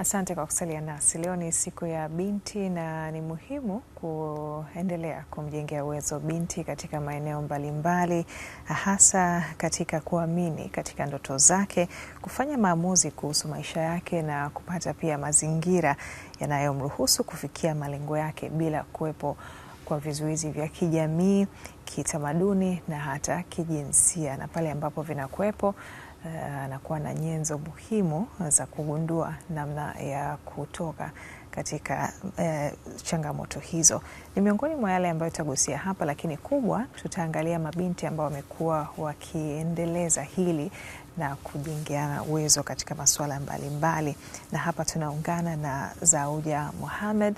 Asante kwa kusalia nasi. Leo ni siku ya binti na ni muhimu kuendelea kumjengea uwezo binti katika maeneo mbalimbali, hasa katika kuamini katika ndoto zake, kufanya maamuzi kuhusu maisha yake na kupata pia mazingira yanayomruhusu kufikia malengo yake bila kuwepo kwa vizuizi vya kijamii, kitamaduni na hata kijinsia, na pale ambapo vinakuwepo Eh, anakuwa na nyenzo muhimu eh, za kugundua namna ya kutoka katika eh, changamoto hizo. Ni miongoni mwa yale ambayo tutagusia hapa, lakini kubwa tutaangalia mabinti ambao wamekuwa wakiendeleza hili na kujengeana uwezo katika masuala mbalimbali, na hapa tunaungana na Zauja Mohamed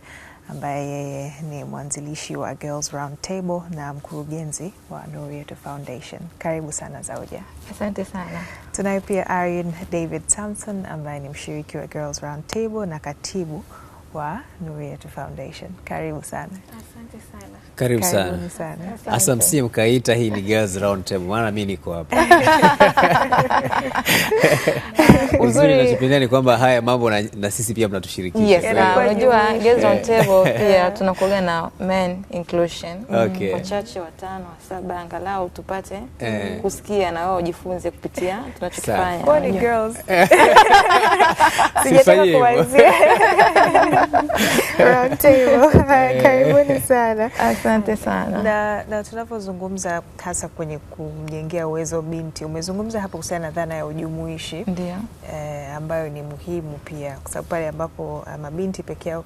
ambaye yeye ni mwanzilishi wa Girls Round Table na mkurugenzi wa Nuru Foundation. Karibu sana Zaudia. Asante sana. Tunaye pia Irene David Samson ambaye ni mshiriki wa Girls Round Table na katibu wa Nuriyetu Foundation. Karibu sana. Asante sana. Karibu sana. Sana. Asa msie mkaita hii ni Girls Round Table, maana mimi niko hapa uzuri na nachopenda ni kwamba haya mambo na, na sisi pia mnatushirikisha. Yes, unajua Girls Round Table pia tunakuaga na men inclusion mm. okay. Wachache watano wa saba angalau tupate eh, kusikia na wao wajifunze kupitia tunachokifanya. Sijataka kuanzia Eh. Karibuni sana, asante sana. Na, na tunapozungumza hasa kwenye kumjengea uwezo binti, umezungumza hapo kuhusiana na dhana ya ujumuishi eh, ambayo ni muhimu pia kwa sababu pale ambapo eh, mabinti eh,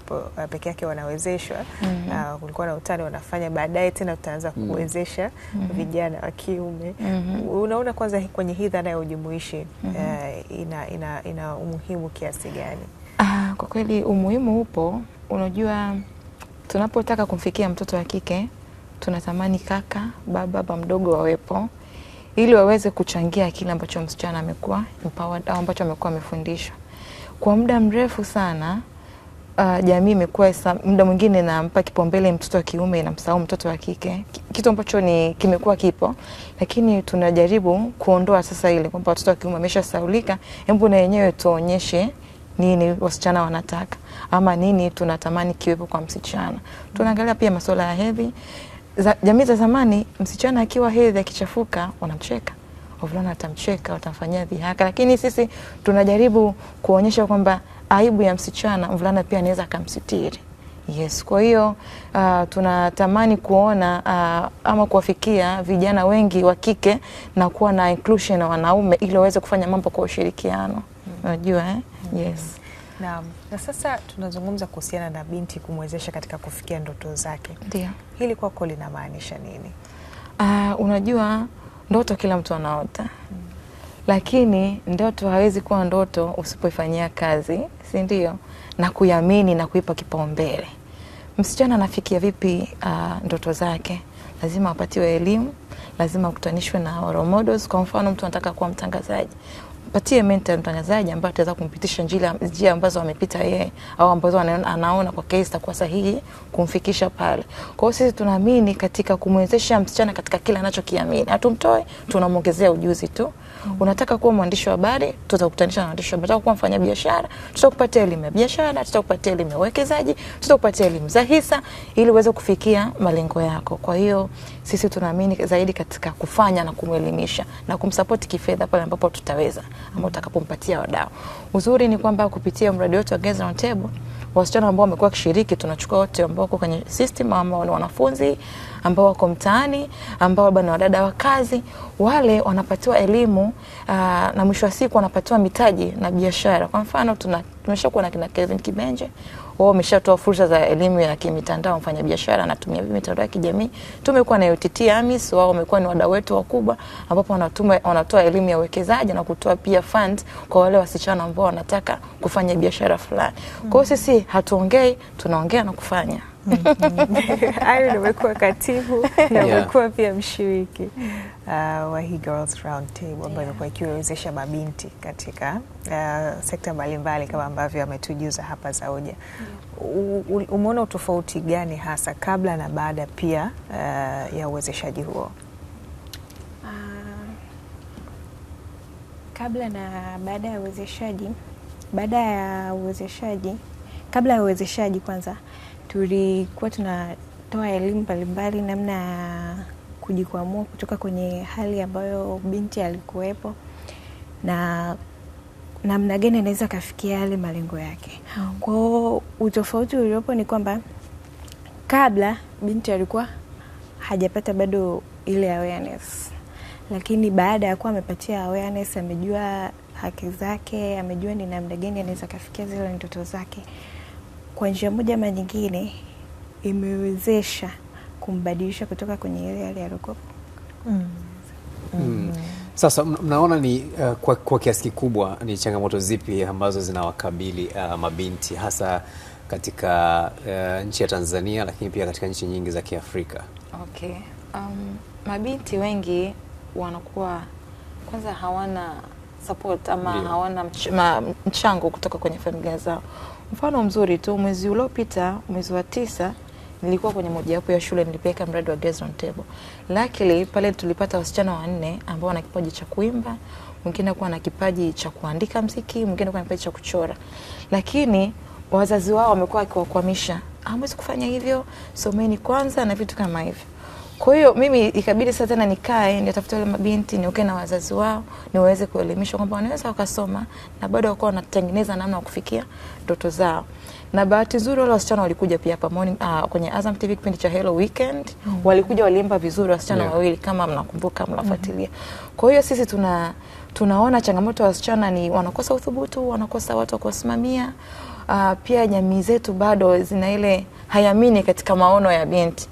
peke yake wanawezeshwa mm -hmm. uh, kulikuwa na utani wanafanya, baadaye tena tutaanza mm. kuwezesha mm -hmm. vijana wa kiume mm -hmm. unaona, kwanza kwenye hii dhana ya ujumuishi mm -hmm. uh, ina, ina, ina umuhimu kiasi gani? Kwa kweli umuhimu upo. Unajua, tunapotaka kumfikia mtoto wa kike tunatamani kaka, baba, baba mdogo wawepo ili waweze kuchangia kile ambacho msichana amekuwa empowered au ambacho amekuwa amefundishwa kwa muda mrefu sana. Uh, jamii imekuwa muda mwingine nampa kipaumbele mtoto wa kiume inamsahau mtoto wa kike, kitu ambacho ni kimekuwa kipo, lakini tunajaribu kuondoa sasa ile kwamba watoto wa kiume wameshasaulika. Hebu na yenyewe tuonyeshe nini wasichana wanataka ama nini tunatamani kiwepo kwa msichana. Tunaangalia pia masuala ya hedhi. Jamii za zamani, msichana akiwa hedhi akichafuka, wanamcheka wavulana watamcheka, watamfanyia dhihaka, lakini sisi tunajaribu kuonyesha kwamba aibu ya msichana, mvulana pia anaweza akamsitiri. Yes, kwa hiyo uh, tunatamani kuona uh, ama kuwafikia vijana wengi wa kike na kuwa na inclusion na wanaume ili waweze kufanya mambo kwa ushirikiano, unajua mm. eh? Yes. Na, Na sasa tunazungumza kuhusiana na binti kumwezesha katika kufikia ndoto zake. Ndio. Hili kwako linamaanisha nini? Uh, unajua ndoto kila mtu anaota mm. Lakini ndoto hawezi kuwa ndoto usipoifanyia kazi, si ndio? Na kuiamini na kuipa kipaumbele. Msichana anafikia vipi uh, ndoto zake? Lazima apatiwe elimu, lazima akutanishwe na role models. Kwa mfano, mtu anataka kuwa mtangazaji, ampatie mentor mtangazaji ambaye ataweza kumpitisha njia, njia ambazo amepita yeye au ambazo anaona, kwa case itakuwa sahihi kumfikisha pale. Kwa hiyo sisi tunaamini katika kumwezesha msichana katika kila anachokiamini, hatumtoe tunamwongezea ujuzi tu. Unataka kuwa mwandishi wa habari, tutakukutanisha na waandishi wa habari. Unataka kuwa biashara, tutakupatia elimu ya biashara, tutakupatia elimu ya uwekezaji, tutakupatia elimu za hisa ili uweze kufikia malengo yako. Kwa hiyo sisi tunaamini zaidi katika kufanya na kumwelimisha na kumsapoti kifedha pale ambapo tutaweza ama utakapompatia wadau. Uzuri ni kwamba kupitia mradi wetu wa Girls Round Table wasichana ambao wamekuwa wakishiriki, tunachukua wote ambao wako kwenye system ama wale wanafunzi ambao wako mtaani, ambao baba na wadada wa kazi, wale wanapatiwa elimu uh, na mwisho wa siku wanapatiwa mitaji na biashara. Kwa mfano tuna tumeshakuwa na kina Kevin Kibenje, wao wameshatoa fursa za elimu ya kimitandao, mfanya biashara anatumia vipi mitandao ya kijamii. Tumekuwa na UTT AMIS, wao wamekuwa ni wadau wetu wakubwa, ambapo wanatuma wanatoa elimu ya uwekezaji na kutoa pia funds kwa wale wasichana ambao wanataka kufanya biashara fulani. Kwa hiyo sisi hatuongei, tunaongea na kufanya. Mm-hmm. Irene, umekuwa katibu na umekuwa pia mshiriki uh, wa hii Girls Round Table ambayo imekuwa ikiwawezesha mabinti katika uh, sekta mbalimbali kama ambavyo ametujuza hapa Zauja. Umeona utofauti gani hasa kabla na baada pia uh, ya uwezeshaji huo? Uh, kabla na baada ya uwezeshaji, baada ya uwezeshaji, kabla ya uwezeshaji kwanza tulikuwa tunatoa elimu mbalimbali namna ya kujikwamua kutoka kwenye hali ambayo binti alikuwepo na namna gani anaweza akafikia yale malengo yake. Kwao utofauti uliopo ni kwamba kabla binti alikuwa hajapata bado ile awareness, lakini baada ya kuwa amepatia awareness, amejua haki zake, amejua ni namna gani anaweza akafikia zile ndoto zake kwa njia moja ama nyingine imewezesha kumbadilisha kutoka kwenye ile hali aliyokuwa. Mm. mm. mm. Sasa mnaona ni uh, kwa, kwa kiasi kikubwa ni changamoto zipi ambazo zinawakabili uh, mabinti hasa katika uh, nchi ya Tanzania lakini pia katika nchi nyingi za Kiafrika? Okay. Um, mabinti wengi wanakuwa kwanza hawana support ama yeah. hawana mch ma, mchango kutoka kwenye familia zao. Mfano mzuri tu, mwezi uliopita, mwezi wa tisa, nilikuwa kwenye mojawapo ya shule nilipeleka mradi wa Girls Round Table. Luckily pale tulipata wasichana wanne ambao wana kipaji cha kuimba, mwingine alikuwa na kipaji cha kuandika mziki, mwingine alikuwa na kipaji cha kuchora, lakini wazazi wao wamekuwa wakiwakwamisha, ah, hamwezi kufanya hivyo, someni kwanza na vitu kama hivyo kwa hiyo mimi ikabidi sasa tena nikae nitafute wale mabinti niuke na wazazi wao niweze kuelimishwa kwamba wanaweza wakasoma na bado wakawa wanatengeneza namna ya kufikia ndoto zao. Na bahati nzuri wale wasichana walikuja pia hapa morning uh, kwenye Azam TV kipindi cha Hello Weekend mm -hmm. walikuja waliimba vizuri wasichana yeah. wawili kama mnakumbuka mnafuatilia. Mm -hmm. Kwa hiyo sisi tuna tunaona changamoto ya wasichana ni wanakosa uthubutu, wanakosa watu wa kuwasimamia. Uh, pia jamii zetu bado zina ile hayamini katika maono ya binti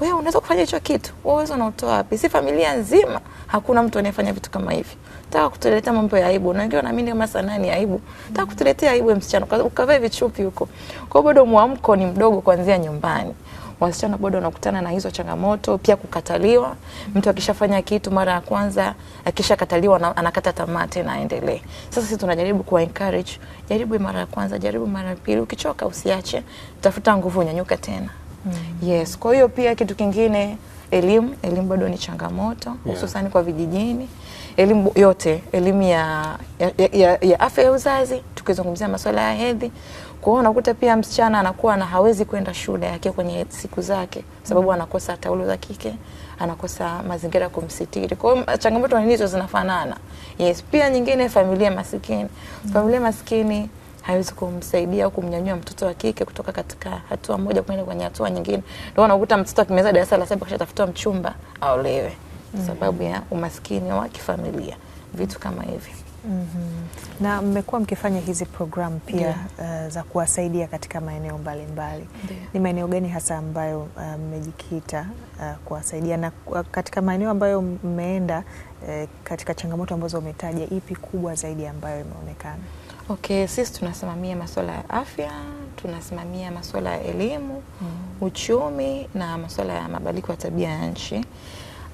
wewe unaweza kufanya hicho kitu, uwezo unaotoa wapi? Si familia nzima hakuna mtu anayefanya vitu kama hivi. Nataka kutuletea mambo ya aibu, na wengine wanaamini kama sanaa ni aibu. Nataka kutuletea aibu ya msichana ukavaa vichupi huko. kwao, bado mwamko ni mdogo kuanzia nyumbani wasichana bado wanakutana na hizo changamoto, pia kukataliwa. Mtu akishafanya kitu mara ya kwanza, akishakataliwa anakata tamaa tena aendelee. Sasa sisi tunajaribu kuwa encourage, jaribu mara ya kwanza, jaribu mara ya pili, ukichoka usiache, tafuta nguvu, unyanyuka tena mm. Yes, kwa hiyo pia kitu kingine elimu, elimu bado ni changamoto hususani yeah. kwa vijijini, elimu yote, elimu ya, ya, ya, ya afya ya uzazi, tukizungumzia masuala ya hedhi. Kwa hiyo unakuta pia msichana anakuwa na hawezi kwenda shule yake kwenye siku zake, sababu mm. anakosa taulo za kike, anakosa mazingira ya kumsitiri. Kwa hiyo eh, changamoto hizo zinafanana. Yes, pia nyingine familia masikini, mm. familia masikini hawezi kumsaidia au kumnyanyua mtoto wa kike kutoka katika hatua moja kwenda kwenye hatua nyingine. Ndio unakuta mtoto akimeza darasa la saba kishatafuta mchumba aolewe mm sababu ya umaskini wa kifamilia, vitu kama hivyo. Mm -hmm. Na mmekuwa mkifanya hizi programu pia yeah. Uh, za kuwasaidia katika maeneo mbalimbali yeah. Ni maeneo gani hasa ambayo eh, mmejikita uh, uh, kuwasaidia na uh, katika maeneo ambayo mmeenda uh, katika changamoto ambazo umetaja, ipi kubwa zaidi ambayo imeonekana? Okay, sisi tunasimamia masuala ya afya, tunasimamia masuala ya elimu, mm. uchumi na masuala ya mabadiliko ya tabia ya nchi.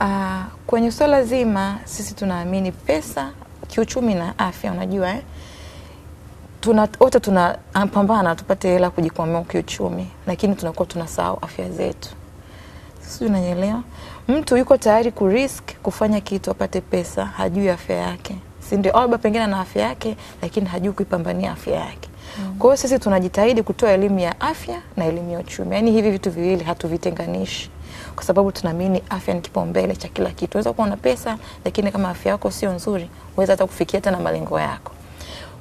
Uh, kwenye swala zima sisi tunaamini pesa, kiuchumi na afya, unajua eh? Tuna, wote tunapambana tupate hela kujikwamua kiuchumi, lakini tunakuwa tunasahau afya zetu. Sijui unanyelewa. Mtu yuko tayari kurisk kufanya kitu apate pesa, hajui afya yake si ndio? Au pengine ana afya yake lakini hajui kuipambania afya yake. Mm. Kwa hiyo sisi tunajitahidi kutoa elimu ya afya na elimu ya uchumi, yaani hivi vitu viwili hatuvitenganishi kwa sababu tunaamini afya ni kipaumbele cha kila kitu. Unaweza kuwa na pesa lakini kama afya yako sio nzuri, huwezi hata kufikia tena malengo yako.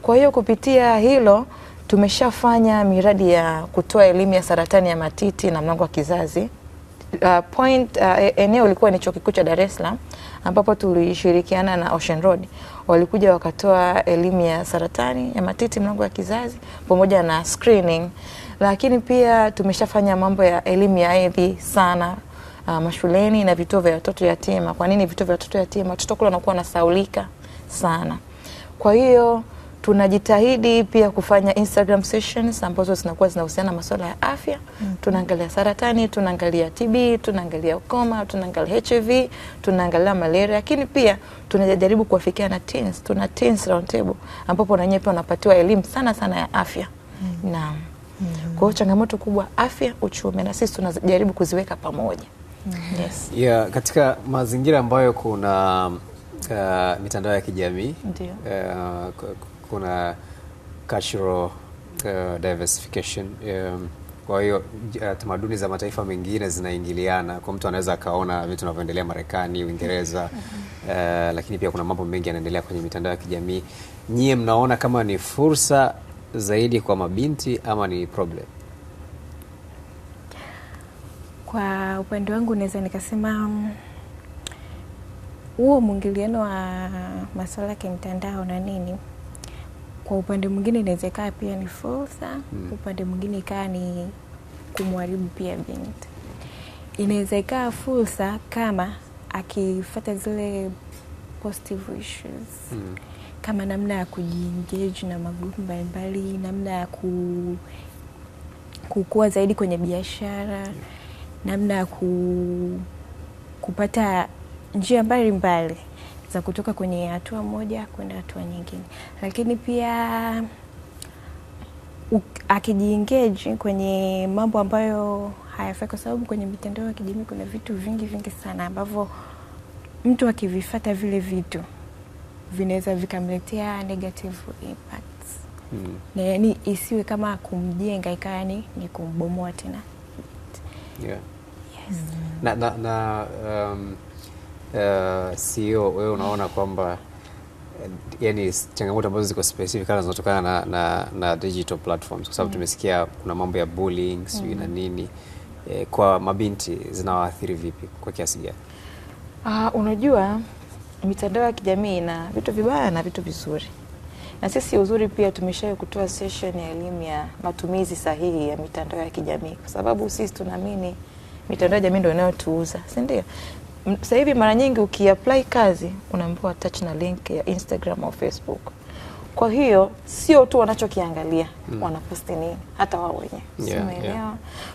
Kwa hiyo kupitia hilo tumeshafanya miradi ya kutoa elimu ya saratani ya matiti na mlango wa kizazi. Uh, point uh, e, eneo ilikuwa ni chuo kikuu cha Dar es Salaam ambapo tulishirikiana na Ocean Road walikuja wakatoa elimu ya saratani ya matiti mlango ya kizazi pamoja na screening, lakini pia tumeshafanya mambo ya elimu ya hedhi sana uh, mashuleni na vituo vya watoto yatima. Kwa nini vituo vya watoto yatima? Watoto kule wanakuwa wanasaulika sana, kwa hiyo tunajitahidi pia kufanya Instagram sessions ambazo zinakuwa zinahusiana na masuala ya afya mm. Tunaangalia saratani, tunaangalia TB, tunaangalia ukoma, tunaangalia HIV, tunaangalia malaria, lakini pia tunajaribu kuwafikia na teens. Tuna teens round table ambapo na wenyewe pia wanapatiwa elimu sana sana ya afya mm. Naam mm. Kwa hiyo changamoto kubwa afya, uchumi na sisi tunajaribu kuziweka pamoja mm. Yes. Yeah, katika mazingira ambayo kuna uh, mitandao ya kijamii uh, kuna cultural uh, diversification um, kwa hiyo uh, tamaduni za mataifa mengine zinaingiliana, kwa mtu anaweza akaona vitu vinavyoendelea Marekani, Uingereza uh, lakini pia kuna mambo mengi yanaendelea kwenye mitandao ya kijamii. Nyie mnaona kama ni fursa zaidi kwa mabinti ama ni problem? Kwa upande wangu naweza nikasema um, huo um, mwingiliano wa masuala ya kimtandao na nini kwa upande mwingine inaweza ikawa pia ni fursa mm. upande mwingine ikawa ni kumwharibu pia binti. Inaweza ikawa fursa kama akifata zile positive issues mm. kama namna ya kujiengage na magrupu mbalimbali, namna ya ku kukua zaidi kwenye biashara, namna ya ku, kupata njia mbalimbali mbali za kutoka kwenye hatua moja kwenda hatua nyingine, lakini pia akijiengage kwenye mambo ambayo hayafai, kwa sababu kwenye mitandao ya kijamii kuna vitu vingi vingi sana ambavyo mtu akivifata vile vitu vinaweza vikamletea negative impacts hmm. Na yani isiwe kama kumjenga ikawa yani ni kumbomoa tena. Yeah. Yes. Hmm. Na, na, na um, Eh, CEO wewe unaona kwamba eh, yani changamoto ambazo ziko specific kana zinatokana na, na, na digital platforms kwa sababu mm. tumesikia kuna mambo ya bullying sijui mm. na nini e, kwa mabinti zinawaathiri vipi kwa kiasi gani? Uh, unajua mitandao ya kijamii ina vitu vibaya na vitu vizuri, na sisi uzuri pia tumeshawahi kutoa session ya elimu ya matumizi sahihi ya mitandao ya kijamii, kwa sababu sisi tunaamini mitandao ya jamii ndio inayotuuza, si ndio? sasa hivi mara nyingi ukiapply kazi unaambiwa attach na link ya Instagram au Facebook. Kwa hiyo sio tu wanachokiangalia mm. wanaposti nini, hata wao wenyewe yeah, umeelewa? Yeah.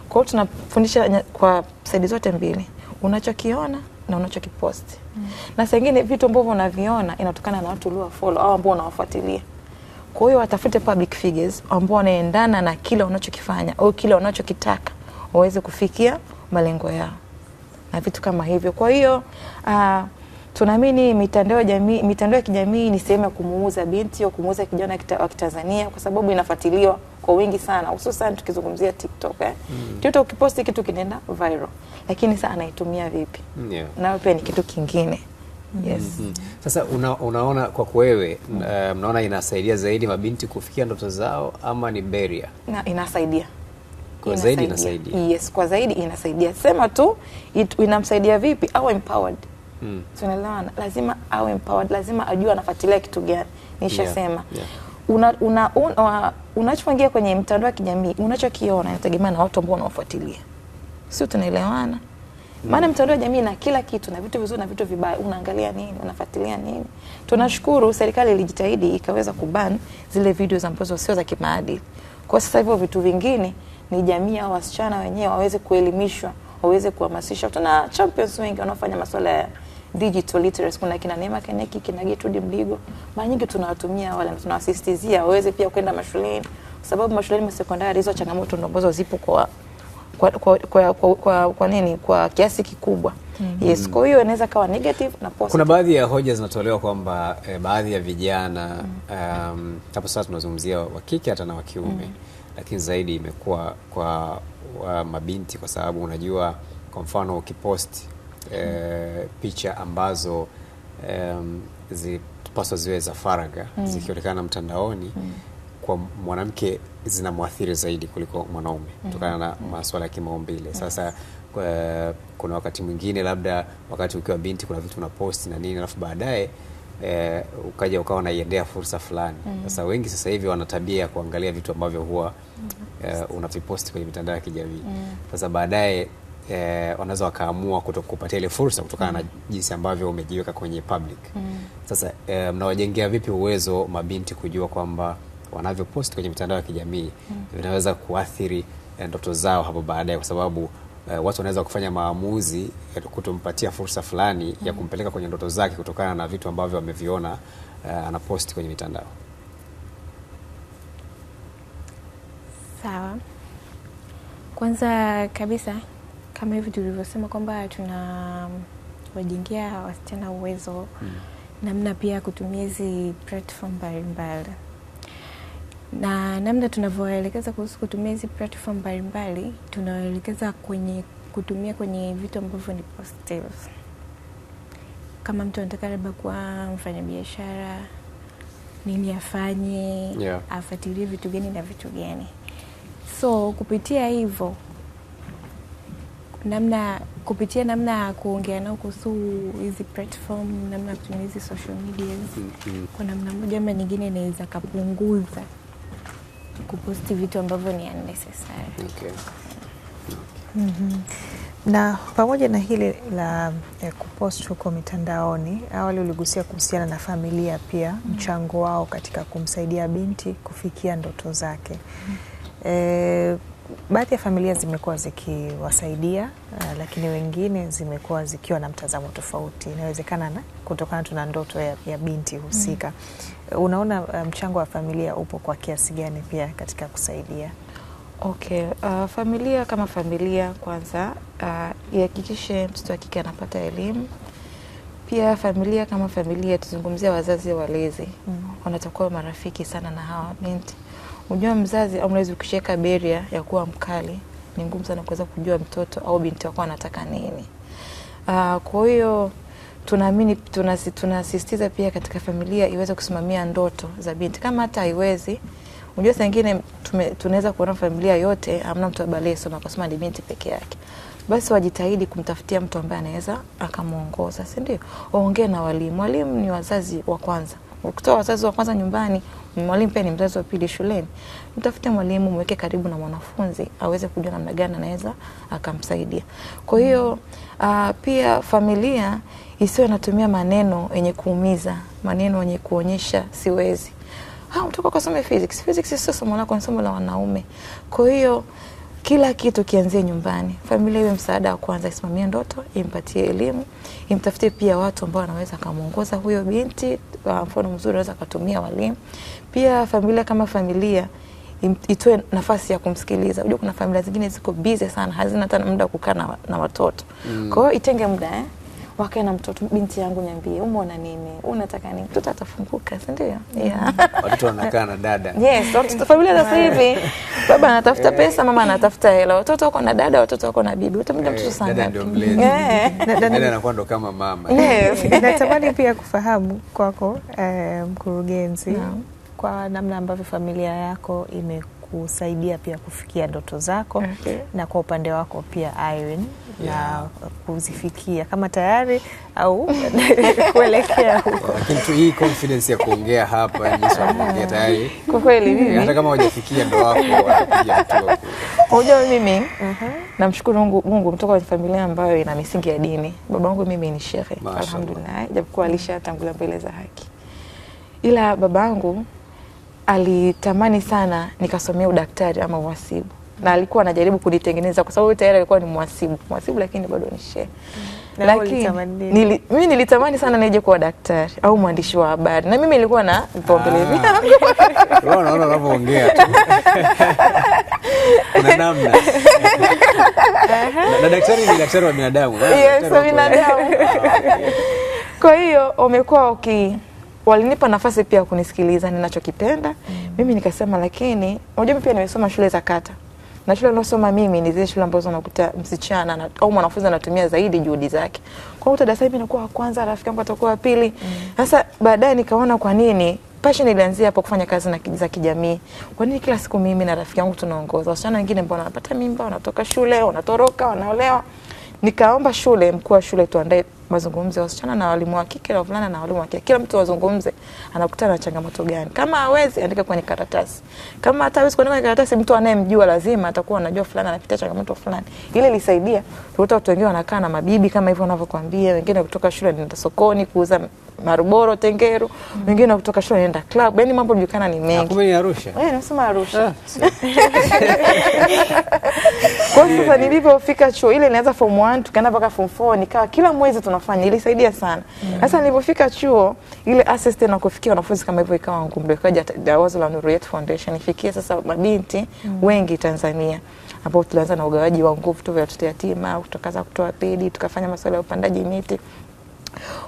Kwa hiyo tunafundisha kwa saidi zote mbili, unachokiona na unachokiposti mm. na sengine vitu ambavyo unaviona inatokana na watu ulio follow au ambao unawafuatilia. Kwa hiyo watafute public figures ambao wanaendana na kile unachokifanya au kile unachokitaka waweze kufikia malengo yao na vitu kama hivyo. Kwa hiyo uh, tunaamini mitandao ya jamii, mitandao ya kijamii ni sehemu ya kumuuza binti au kumuuza kijana wa Kitanzania kwa sababu inafuatiliwa kwa wingi sana, hususan tukizungumzia TikTok eh. Mm. TikTok ukiposti kitu kinaenda viral, lakini sasa anaitumia vipi? Yeah. Nayo pia ni kitu kingine. Yes. Mm -hmm. Sasa una, unaona kwa kwewe eh, mnaona mm. uh, inasaidia zaidi mabinti kufikia ndoto zao ama ni barrier? Na inasaidia kwa zaidi inasaidia. Inasaidia. Yes, kwa zaidi inasaidia. Sema tu it, inamsaidia vipi? Awe empowered. Mm. Tunaelewa, Lazima awe empowered, lazima ajue anafuatilia kitu gani. Nishasema. Yeah. Yeah. Una, una, una, unachoingia kwenye mtandao wa kijamii unachokiona inategemea na watu ambao unawafuatilia. Sio, tunaelewana? Hmm. Maana mm. mtandao wa jamii na kila kitu na vitu vizuri na vitu vibaya, unaangalia nini, unafuatilia nini. Tunashukuru serikali ilijitahidi ikaweza kuban zile video ambazo sio za kimaadili. Kwa sasa hivyo vitu vingine ni jamii au wasichana wenyewe waweze kuelimishwa, waweze kuhamasisha. Tuna champions wengi wanaofanya masuala ya digital literacy. Kuna kina Neema Keneki, kina Gertrude Mligo, mara nyingi tunawatumia wale, tunawasisitizia waweze pia kwenda mashuleni, kwa sababu mashuleni na sekondari hizo changamoto ndio ambazo zipo kwa kwa, kwa, kwa, kwa, kwa, kwa nini kwa kiasi kikubwa mm -hmm. Yes, kwa hiyo inaweza kawa negative na positive. Kuna baadhi ya hoja zinatolewa kwamba eh, baadhi ya vijana mm -hmm. um, hapo sasa tunazungumzia wa kike hata na wa kiume mm -hmm lakini zaidi imekuwa kwa wa mabinti, kwa sababu unajua, kwa mfano ukipost e, picha ambazo e, zipaswa ziwe za faraga mm. zikionekana mtandaoni mm. kwa mwanamke zinamwathiri zaidi kuliko mwanaume mm. kutokana na mm. masuala ya kimaumbile yes. Sasa kwa, kuna wakati mwingine labda wakati ukiwa binti kuna vitu unaposti na nini alafu baadaye eh, ukaja ukawa unaiendea fursa fulani. Mm-hmm. Sasa mm. wengi sasa hivi wana tabia ya kuangalia vitu ambavyo huwa mm. eh, unaviposti kwenye mitandao ya kijamii mm-hmm. sasa mm. baadaye eh, wanaweza wakaamua kutokupatia ile fursa kutokana mm. na jinsi ambavyo umejiweka kwenye public mm. Sasa eh, mnawajengea vipi uwezo mabinti kujua kwamba wanavyoposti kwenye mitandao ya kijamii mm. vinaweza kuathiri eh, ndoto zao hapo baadaye kwa sababu uh, watu wanaweza kufanya maamuzi kutompatia fursa fulani mm -hmm. ya mhm. kumpeleka kwenye ndoto zake kutokana na vitu ambavyo ameviona uh, anaposti kwenye mitandao. Sawa, kwanza kabisa kama hivi tulivyosema kwamba tuna wajengea wasichana uwezo mm. namna pia ya kutumia hizi platform mbalimbali na namna tunavyoelekeza kuhusu kutumia hizi platform mbalimbali, tunawaelekeza kwenye kutumia kwenye vitu ambavyo ni positive. Kama mtu anataka labda kuwa mfanyabiashara, nini afanye, yeah. afuatilie vitu gani na vitu gani, so kupitia hivyo namna kupitia namna ya kuongea nao kuhusu hizi platform, namna ya kutumia hizi social media, mm-hmm. kwa namna moja ama nyingine inaweza kapunguza kuposti vitu ambavyo ni unnecessary. Okay. Mm -hmm. Na pamoja na hili la eh, kupost huko mitandaoni, awali uligusia kuhusiana na familia pia mm -hmm. mchango wao katika kumsaidia binti kufikia ndoto zake mm -hmm. eh, baadhi ya familia zimekuwa zikiwasaidia uh, lakini wengine zimekuwa zikiwa na mtazamo tofauti. Inawezekana na kutokana tuna ndoto ya, ya binti husika mm. Unaona uh, mchango wa familia upo kwa kiasi gani pia katika kusaidia? Okay, uh, familia kama familia kwanza uh, ihakikishe mtoto wa kike anapata elimu. Pia familia kama familia, tuzungumzia wazazi walezi mm. wanatakuwa marafiki sana na hawa binti Unajua mzazi au mlezi ukishaweka beria ya kuwa mkali, ni ngumu sana kuweza kujua mtoto au binti wako anataka nini. Uh, kwa hiyo tunaamini tunasisitiza pia katika familia iweze kusimamia ndoto za binti, kama hata haiwezi Unajua, saa ingine tunaweza kuona familia yote hamna mtu ambaye aliyesoma akasoma ni binti peke yake, basi wajitahidi kumtafutia mtu ambaye anaweza akamwongoza, si ndio? Waongee na walimu. Walimu ni wazazi wa kwanza, ukitoa wazazi wa kwanza nyumbani, mwalimu pia ni mzazi wa pili shuleni. Mtafute mwalimu, mweke karibu na mwanafunzi aweze kujua namna gani anaweza akamsaidia. Kwa hiyo uh, pia familia isiwe inatumia maneno yenye kuumiza, maneno yenye kuonyesha siwezi. Ha, ah, utaka ukasome physics. Physics sio somo lako, ni somo la wanaume. Kwa hiyo kila kitu kianzie nyumbani. Familia iwe msaada wa kwanza, isimamie ndoto, impatie elimu, imtafutie pia watu ambao wanaweza akamwongoza huyo binti. Mfano mzuri anaweza akatumia walimu. Pia familia kama familia itoe nafasi ya kumsikiliza. Unajua kuna familia zingine ziko busy sana, hazina hata muda wa kukaa na watoto. Mm. Kwa hiyo itenge muda eh? wakae na mtoto, binti yangu niambie, umeona nini, unataka nini? Mtoto atafunguka, si ndio? Mm. watoto wanakaa na dada yes, familia sasa hivi baba anatafuta pesa, mama anatafuta hela, watoto wako na dada, watoto wako na bibi, utamda mtoto sana. Dada ndio mlezi, dada anakuwa ndo kama mama. Natamani pia kufahamu kwako, eh, mkurugenzi, kwa namna ambavyo familia yako ime kukusaidia pia kufikia ndoto zako okay. Na kwa upande wako pia Irene yeah. Na kuzifikia kama tayari au kuelekea huko, lakini tu hii confidence ya kuongea hapa ni ah. tayari kwa kweli mimi hata kama hujafikia ndo wako wanapiga mimi mhm. namshukuru Mungu, Mungu mtoka kwenye familia ambayo ina misingi ya dini. Baba wangu mimi ni shehe alhamdulillah, japokuwa alishatangulia mbele za haki, ila babangu alitamani sana nikasomea udaktari ama uhasibu, na alikuwa anajaribu kunitengeneza kwa sababu tayari alikuwa ni mhasibu mhasibu, lakini bado ni shehe Lakini mimi nilitamani sana nije kuwa daktari au mwandishi wa habari, na mimi nilikuwa na vipaumbele ah. vyangu. Unaona unavyoongea na namna na daktari ni daktari wa binadamu, yes, binadamu. Kwa hiyo wamekuwa waki walinipa nafasi pia kunisikiliza ninachokipenda mm. Mimi nikasema, lakini unajua mimi pia nimesoma shule za kata na shule nilosoma mimi ni zile shule ambazo unakuta msichana na, au mwanafunzi anatumia zaidi juhudi zake. Kwa hiyo darasani mimi nakuwa wa kwanza, rafiki yangu atakuwa wa pili. Mm. Sasa mm. baadaye nikaona kwa nini passion ilianzia hapo kufanya kazi na za kijamii. Kwa nini kila siku mimi na rafiki yangu tunaongoza? Wasichana wengine mbona wanapata mimba, wanatoka shule, wanatoroka, wanaolewa. Nikaomba shule, mkuu wa shule tuandae mazungumzo wasichana na walimu wa kike na wavulana na walimu wa kike, kila mtu wazungumze anakutana na changamoto gani. Kama hawezi andika kwenye karatasi, kama hatawezi kuandika kwenye karatasi, mtu anayemjua lazima atakuwa anajua fulani anapitia changamoto fulani. Ile ilisaidia, tukuta watu wengine wanakaa na mabibi kama hivyo wanavyokuambia, wengine kutoka shule nenda sokoni kuuza Maruboro, Tengeru, wengine kutoka shule naenda club, yani mambo mjukana ni mengi. Kumbe ni Arusha. Eh, nimesema Arusha. Ah. Kwa sasa nilipofika chuo ile inaanza form 1 tukaenda mpaka form 4 nikawa kila mwezi tunafanya, ilisaidia sana. Mm. Sasa nilipofika chuo ile access tena kufikia wanafunzi kama hivyo ikawa ngumu, ikaja wazo la Nuru Yetu Foundation ifikie sasa mabinti mm. wengi Tanzania ambao tulianza na ugawaji wa nguo, vitu vya watoto yatima, tukaweza kutoa pedi, tukafanya masuala ya upandaji miti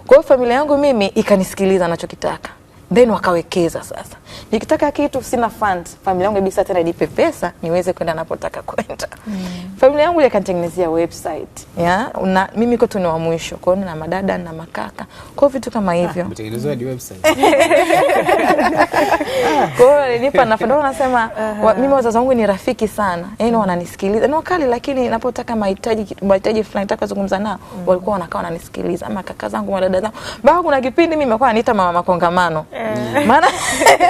kwa hiyo familia yangu mimi ikanisikiliza anachokitaka then wakawekeza. Sasa nikitaka kitu sina fund, familia yangu ibisa tena nipe pesa niweze kwenda napotaka kwenda mm. familia yangu ikanitengenezea website ya na mimi kwetu ni wa mwisho, kwa hiyo na madada na makaka, kwa hiyo vitu kama hivyo ah, mtengenezewa ah, website, kwa hiyo nilipa na fund wanasema wa, mimi wazazi wangu ni rafiki sana, yaani mm. wananisikiliza ni wakali, lakini napotaka mahitaji mahitaji fulani nataka kuzungumza nao mm. walikuwa wanakaa wananisikiliza, Makaka zangu madada zangu, bado kuna kipindi mimi nimekuwa naita mama kongamano Eh. maana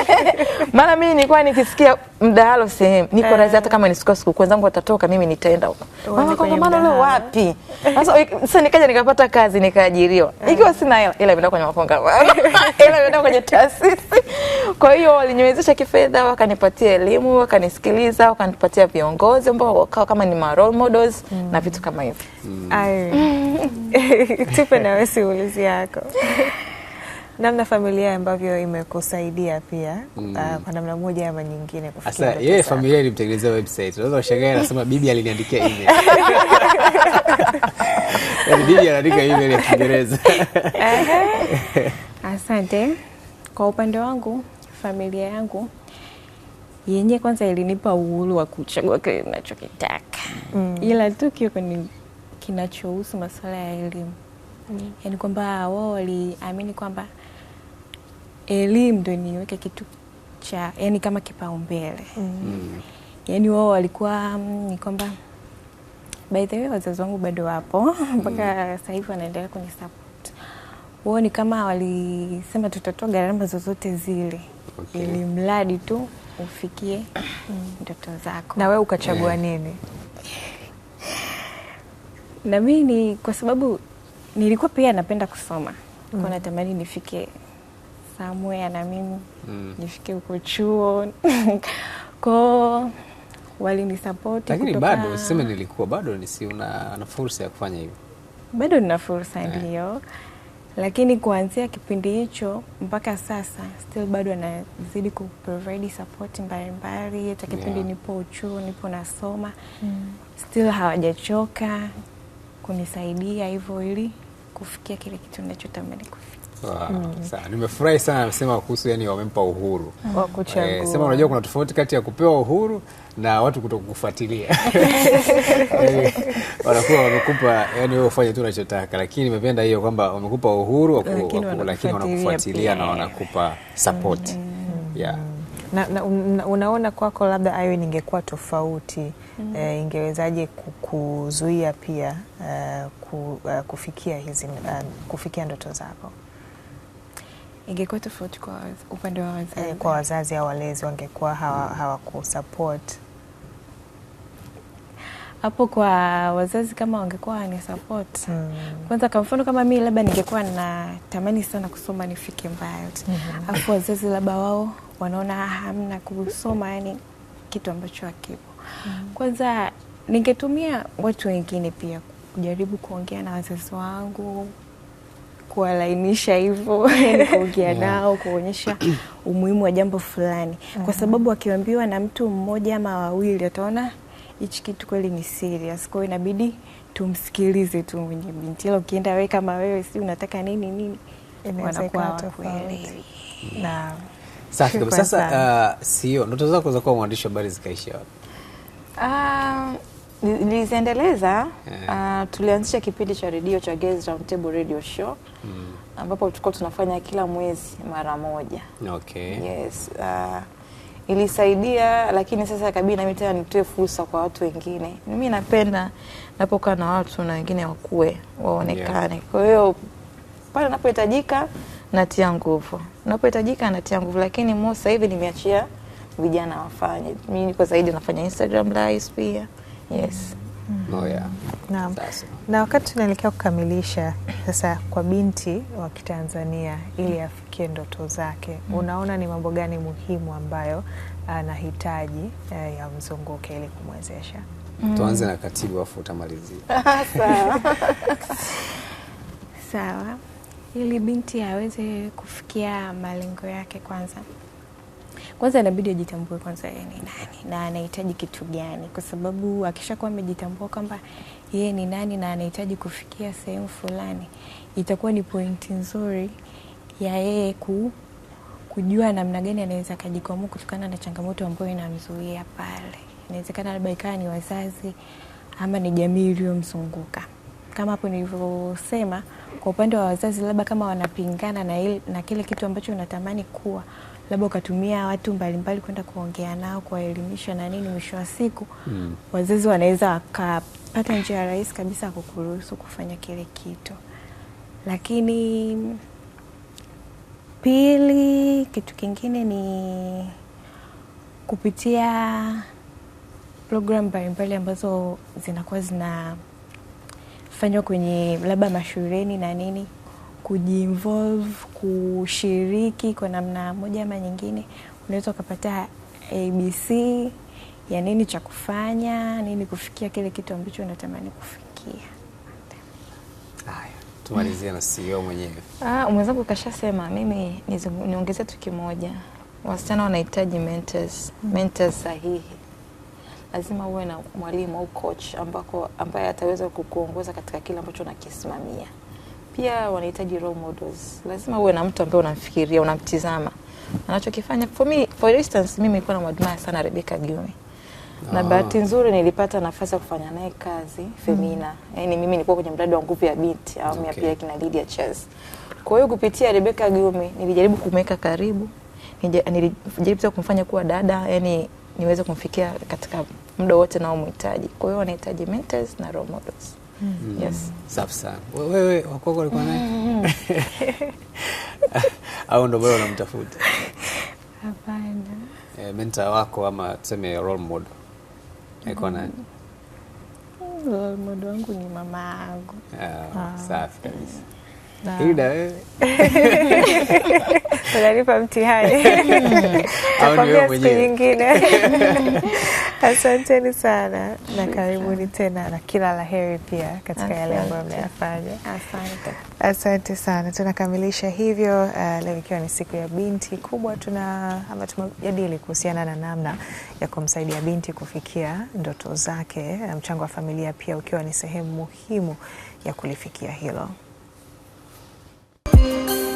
maana mimi nilikuwa nikisikia mdahalo sehemu niko radhi, hata eh. kama nisikia siku sikukuu wenzangu watatoka, mimi nitaenda huko. Mama, maana leo wapi? Sasa sasa nikaja nikapata kazi nikaajiriwa, eh. ikiwa sina hela, ila imeenda kwenye makongamano, ila imeenda kwenye taasisi. Kwa hiyo waliniwezesha kifedha, wakanipatia elimu, wakanisikiliza, wakanipatia viongozi ambao wakawa kama ni role models mm. na vitu kama hivyo mm. tupe na wewe simulizi yako namna familia ambavyo imekusaidia pia mm. Uh, kwa namna moja ama nyingine. Sasa yeye familia ilimtengenezea website, unaweza kushangaa anasema bibi aliniandikia email yaani bibi anaandika email ya Kiingereza. Asante. Kwa upande wangu familia yangu yenye kwanza ilinipa uhuru wa kuchagua kile ninachokitaka mm. ila tu kiko ni kinachohusu masuala ya elimu mm. yaani kwamba wao waliamini kwamba elimu ndo niweke kitu cha yani kama kipaumbele mm. Yani wao walikuwa mm, ni kwamba by the way, wazazi wangu bado wapo mpaka mm. sasa hivi wanaendelea kuni support wao, ni kama walisema tutatoa gharama zozote zile okay. ili mradi tu ufikie mm, ndoto zako. Na wewe ukachagua nini? na mimi ni kwa sababu nilikuwa pia napenda kusoma mm. kwa natamani nifike somewhere na mimi mm. nifike huko chuo koo walinisapoti lakini kutoka... bado sema nilikuwa bado nisi una, una fursa ya kufanya hivyo bado nina fursa yeah. ndiyo lakini kuanzia kipindi hicho mpaka sasa still bado anazidi kuprovide support mbalimbali hata kipindi yeah. nipo chuo nipo nasoma mm. still hawajachoka kunisaidia hivyo ili kufikia kile kitu ninachotamani kufikia Ah, Sawa, nimefurahi sana amesema kuhusu, yani wamempa uhuru mm. wa kuchagua. Eh, sema unajua kuna tofauti kati ya kupewa uhuru na watu kutokufuatilia eh, wanakuwa wamekupa yani wewe ufanye tu unachotaka, lakini nimependa hiyo kwamba wamekupa uhuru waku, lakini wanakufuatilia na wanakupa support mm -hmm. yeah. Na, na, unaona kwako labda ayo ningekuwa tofauti mm -hmm. E, ingewezaje kukuzuia pia uh, ku, uh, kufikia hizi uh, kufikia ndoto zako? ingekuwa tofauti kwa upande wa wazazi. E, kwa wazazi au walezi wangekuwa hawakusupport hawa hapo kwa wazazi kama wangekuwa wani support mm. Kwanza kwa mfano kama mi labda ningekuwa tamani sana kusoma nifike mbali mm -hmm. Afu wazazi labda wao wanaona ah, hamna kusoma, yani kitu ambacho hakipo mm. Kwanza ningetumia watu wengine pia kujaribu kuongea na wazazi wangu kuwalainisha hivyo yani kuongea yeah. nao kuonyesha umuhimu wa jambo fulani mm -hmm. kwa mm-hmm. sababu akiambiwa na mtu mmoja ama wawili ataona hichi kitu kweli ni serious, kwa hiyo inabidi tumsikilize tu mwenye binti, ila ukienda wewe kama wewe si unataka nini nini, wanakuwa hawakuelewi. Mm. na safi kabisa. Sasa uh, sio ndoto zako za kuwa mwandishi wa habari zikaishia wapi? Um, niliziendeleza yeah. Uh, tulianzisha kipindi cha redio cha Girls Roundtable Radio Show mm. ambapo tulikuwa tunafanya kila mwezi mara moja. Okay. Yes. Uh, ilisaidia lakini sasa kabii nami tena nitoe fursa kwa watu wengine. Mimi napenda napokaa na watu na wengine wakue waonekane. Yeah. Kwa hiyo pale napohitajika natia nguvu, napohitajika natia nguvu, lakini mo sasa hivi nimeachia vijana wafanye. Mimi niko zaidi nafanya Instagram lives pia Yes. Mm. Oh, yeah. Na, Na wakati tunaelekea kukamilisha sasa, kwa binti wa Kitanzania ili afikie ndoto zake, mm. unaona ni mambo gani muhimu ambayo anahitaji uh, ya mzunguke ili kumwezesha? mm. Tuanze na mm. katibu afu utamalizia. Sawa. Sawa, ili binti aweze kufikia malengo yake kwanza kwanza inabidi ajitambue kwanza yeye ni nani na anahitaji kitu gani, kwa sababu akishakuwa amejitambua kwamba yeye ni nani na anahitaji kufikia sehemu fulani, itakuwa ni pointi nzuri ya yeye ku, kujua namna gani anaweza akajikwamua kutokana na changamoto ambayo inamzuia pale. Inawezekana labda ikawa ni wazazi ama ni jamii iliyomzunguka kama hapo nilivyosema, kwa upande wa wazazi, labda kama wanapingana na, il, na kile kitu ambacho unatamani kuwa labda ukatumia watu mbalimbali kwenda kuongea nao, kuwaelimisha na nini, mwisho wa siku mm. wazazi wanaweza wakapata njia ya rahisi kabisa kukuruhusu kufanya kile kitu. Lakini pili, kitu kingine ni kupitia programu mbalimbali ambazo zinakuwa zinafanywa kwenye labda mashuleni na nini kujiinvolve, kushiriki kwa namna moja ama nyingine. Unaweza ukapata abc ya nini cha kufanya, nini kufikia kile kitu ambacho unatamani kufikia. tumalizie na CEO mwenyewe. Ah, mwenzangu kashasema. Mimi niongeze tu kimoja, wasichana wanahitaji mentors, mentors sahihi. Lazima uwe na mwalimu au coach ambako ambaye ataweza kukuongoza katika kile ambacho unakisimamia pia wanahitaji role models. Lazima uwe na mtu ambaye unamfikiria, unamtizama anachokifanya. For me, for instance, mimi nilikuwa namwadmire sana Rebecca Gyumi na ah. bahati nzuri nilipata nafasi ya kufanya naye kazi mm. Femina. Mm. Yaani mimi nilikuwa kwenye mradi wa nguvu ya binti au okay, pili kina Lydia Chess. Kwa hiyo kupitia Rebecca Gyumi nilijaribu kumweka karibu, nilijaribu kumfanya kuwa dada, yani niweze kumfikia katika muda wote naomhitaji. Kwa hiyo wanahitaji mentors na role models. Mm. Yes. Safi sana. Wewe wakoko alikuwa naye? Au ndio bora unamtafuta? Hapana. Eh, mentor wako ama tuseme role model. Alikuwa nani? Role model wangu ni mama yangu. Ah, safi kabisa. Ida unanipa mtihani takwambia siku nyingine. Asanteni sana na karibuni tena, na kila la heri pia katika yale ambayo mnayafanya. Asante, asante sana. Tunakamilisha hivyo uh, leo ikiwa ni siku ya binti kubwa, tuna ama tumejadili kuhusiana na namna ya kumsaidia binti kufikia ndoto zake, eh, mchango wa familia pia ukiwa ni sehemu muhimu ya kulifikia hilo. Thank you.